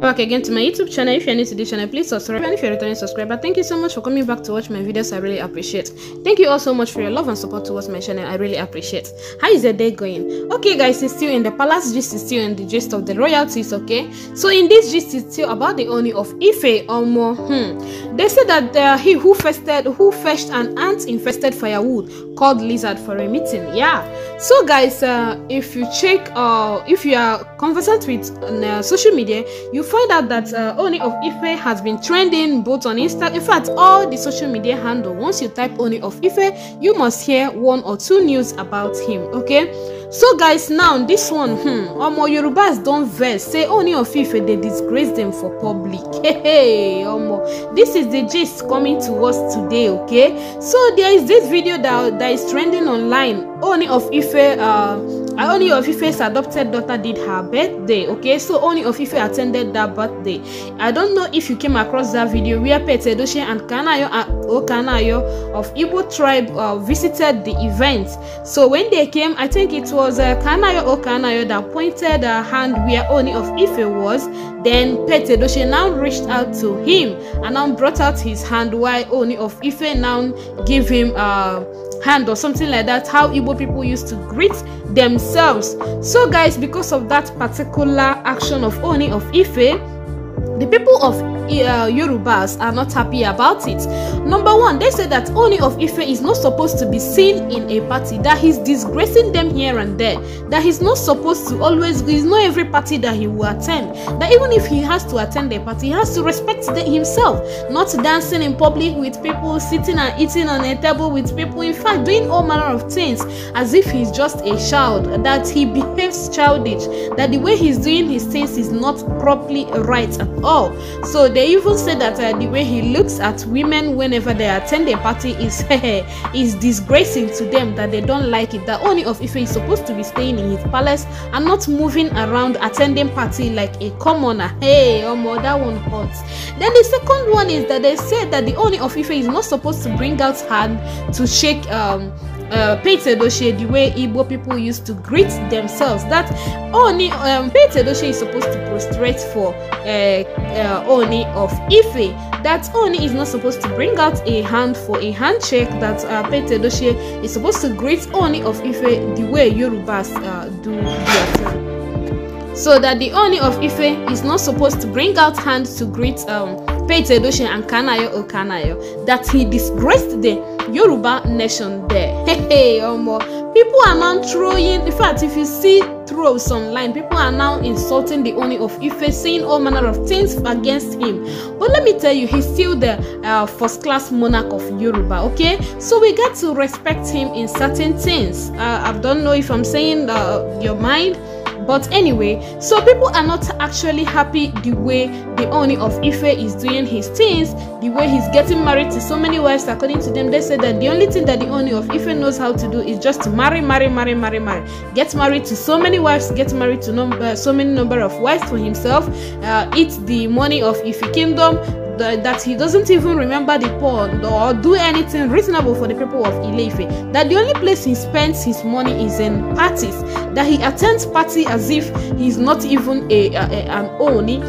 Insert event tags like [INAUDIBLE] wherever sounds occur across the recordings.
Back again to my YouTube channel. If you're new to this channel, please subscribe. And if you're a returning subscriber, thank you so much for coming back to watch my videos. I really appreciate. Thank you all so much for your love and support towards my channel. I really appreciate. How is your day going? Okay, guys, it's still in the palace gist. is still in the gist of the royalties. Okay, so in this gist, it's still about the owner of Ife Omo. Hmm. They said that uh, he who fested, who fetched an ant infested firewood called Lizard for a meeting. Yeah. So guys, uh, if you check uh, if you are conversant with uh, social media, you find out that uh, Oni of Ife has been trending both on Insta. In fact, all the social media handle. Once you type Oni of Ife, you must hear one or two news about him. Okay. So guys, now this one, hmm, Omo Yorubas don't vex. Say Oni of Ife they disgrace them for public. [LAUGHS] Hey, hey, Omo. This is the gist coming to us today. Okay. So there is this video that that is trending online, only of Ife uh, only Ofife's adopted daughter did her birthday, okay? So only Ofife attended that birthday. I don't know if you came across that video where Petedoshe and Kanayo uh, Okanayo of Igbo tribe uh, visited the event. So when they came, I think it was uh, Kanayo Okanayo that pointed a hand where only ofife was. Then Petedoshe now reached out to him and now brought out his hand while only of now gave him a uh, hand or something like that. How Igbo people used to greet themselves. So guys, because of that particular action of Oni of Ife, the people of uh, Yorubas are not happy about it. Number one, they say that Oni of Ife is not supposed to be seen in a party, that he's disgracing them here and there, that he's not supposed to always, he's not every party that he will attend, that even if he has to attend a party, he has to respect the, himself, not dancing in public with people, sitting and eating on a table with people, in fact, doing all manner of things as if he's just a child, that he behaves childish, that the way he's doing his things is not properly right at all. So they They even say that uh, the way he looks at women whenever they attend a party is [LAUGHS] eh, is disgracing to them that they don't like it. That only of Ife is supposed to be staying in his palace and not moving around attending party like a commoner. Hey, Omo, that one hurts. Then the second one is that they said that the only of Ife is not supposed to bring out hand to shake um uh, Pete Edoche the way Igbo people used to greet themselves. That Oni um, Pete doshe is supposed to prostrate for uh, uh, Oni of Ife. That Oni is not supposed to bring out a hand for a handshake. That uh, Pete doshe is supposed to greet Oni of Ife the way Yorubas uh, do their So that the Oni of Ife is not supposed to bring out hand to greet um, Pete Edochie and Kanayo Okanayo that he disgraced the Yoruba nation there. [LAUGHS] Hey, hey, Omo. People are now throwing, in fact, if you see throws online, people are now insulting the Oni of Ife, saying all manner of things against him. But let me tell you, he's still the uh, first class monarch of Yoruba, okay? So we got to respect him in certain things. Uh, I don't know if I'm saying uh, your mind. But anyway, so people are not actually happy the way the owner of Ife is doing his things, the way he's getting married to so many wives. According to them, they said that the only thing that the owner of Ife knows how to do is just marry, marry, marry, marry, marry. Get married to so many wives, get married to number, uh, so many number of wives for himself, uh, eat the money of Ife kingdom, that he doesn't even remember the poor or do anything reasonable for the people of Ileife. That the only place he spends his money is in parties. That he attends party as if he's not even a, a, a an owner.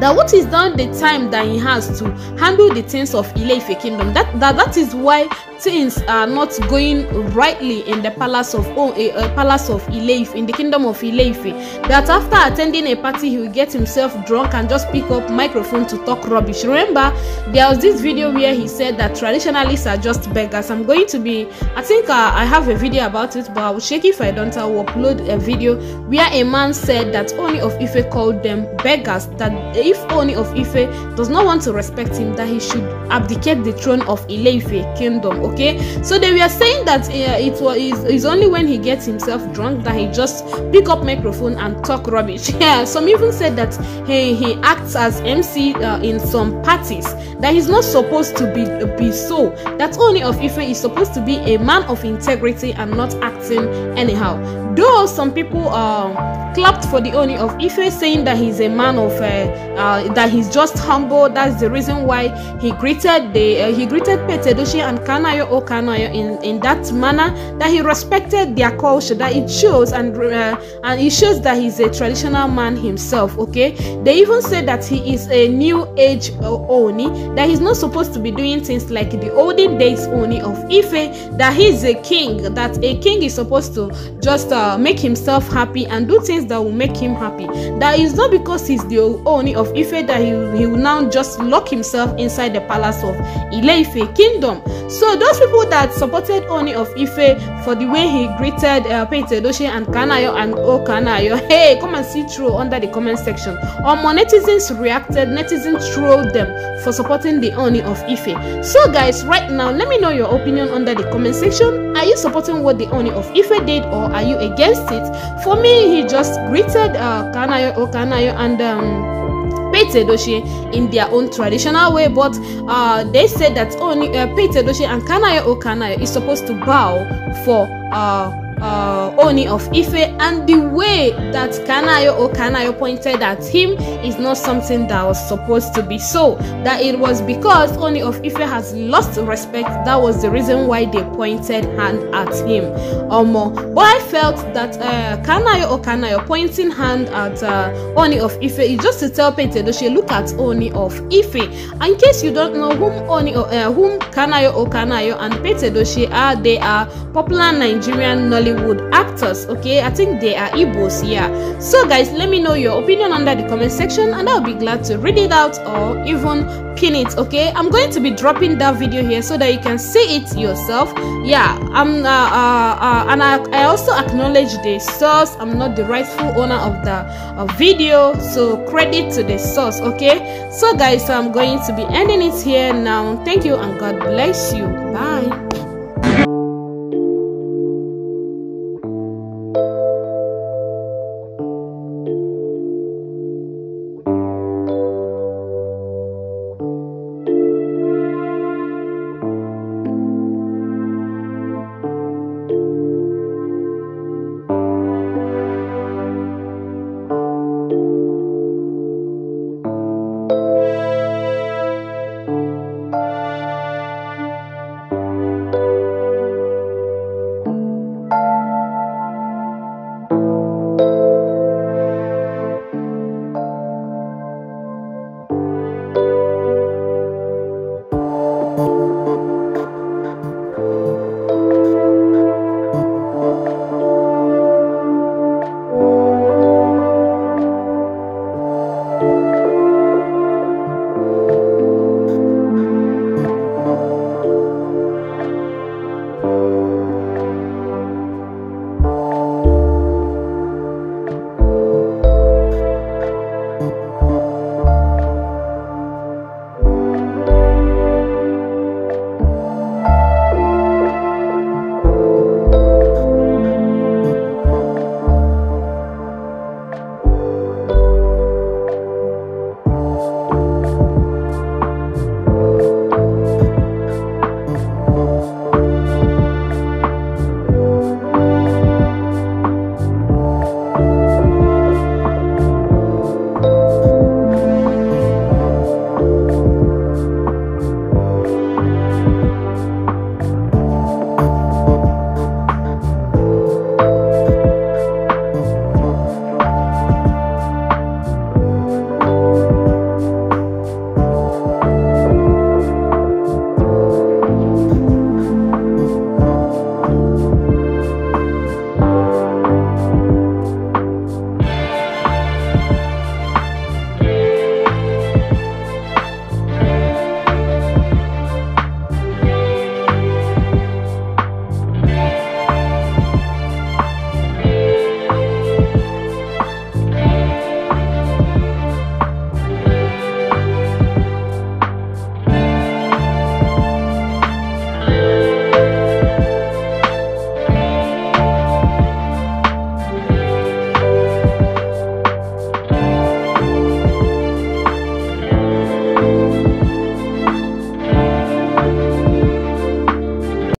that what is done the time that he has to handle the things of Ileife kingdom that, that that is why things are not going rightly in the palace of oh, palace of Ileife, in the kingdom of Ileife, that after attending a party, he will get himself drunk and just pick up microphone to talk rubbish. Remember, there was this video where he said that traditionalists are just beggars. I'm going to be, I think uh, I have a video about it, but I will check if I don't. I will upload a video where a man said that only of Ife called them beggars. That if only of Ife does not want to respect him, that he should abdicate the throne of Ileife kingdom. Okay? okay so they were saying that uh, it was only when he gets himself drunk that he just pick up microphone and talk rubbish [LAUGHS] yeah some even said that he he acts as mc uh, in some parties that he's not supposed to be be so that only of ife is supposed to be a man of integrity and not acting anyhow Though some people uh, clapped for the Oni of Ife, saying that he's a man of uh, uh, that he's just humble. That's the reason why he greeted the uh, he greeted Petedoshi and Kanayo Okanayo in in that manner. That he respected their culture. That it shows and uh, and it shows that he's a traditional man himself. Okay, they even said that he is a new age Oni. That he's not supposed to be doing things like the olden days Oni of Ife. That he's a king. That a king is supposed to just uh, uh, make himself happy and do things that will make him happy. That is not because he's the owner of Ife that he, he will now just lock himself inside the palace of Ife kingdom. So those people that supported Oni of Ife for the way he greeted uh, Peitedoshe and Kanayo and Oh Kanayo, [LAUGHS] hey, come and see through under the comment section. Or um, netizens reacted, netizens trolled them for supporting the Oni of Ife. So guys, right now, let me know your opinion under the comment section. Are you supporting what the Oni of Ife did or are you against against it. For me, he just greeted uh, Kanayo Okanayo and um, Pete Edoche in their own traditional way, but uh, they said that only uh, Pete Edoche and Kanayo Okanayo is supposed to bow for uh, uh, Oni of Ife, and the way that Kanayo or Kanayo pointed at him is not something that was supposed to be so. That it was because Oni of Ife has lost respect, that was the reason why they pointed hand at him. Um, but I felt that uh, Kanayo or Kanayo pointing hand at uh, Oni of Ife is just to tell Pete Doshi, look at Oni of Ife. In case you don't know whom Oni, uh, whom Kanayo or Kanayo and Pete Doshi are, they are popular Nigerian Nollywood Nollywood actors, okay? I think they are Igbos, yeah. So guys, let me know your opinion under the comment section and I'll be glad to read it out or even pin it, okay? I'm going to be dropping that video here so that you can see it yourself. Yeah, I'm, uh, uh, uh, and I, I, also acknowledge the source. I'm not the rightful owner of the video, so credit to the source, okay? So guys, I'm going to be ending it here now. Thank you and God bless you. Bye.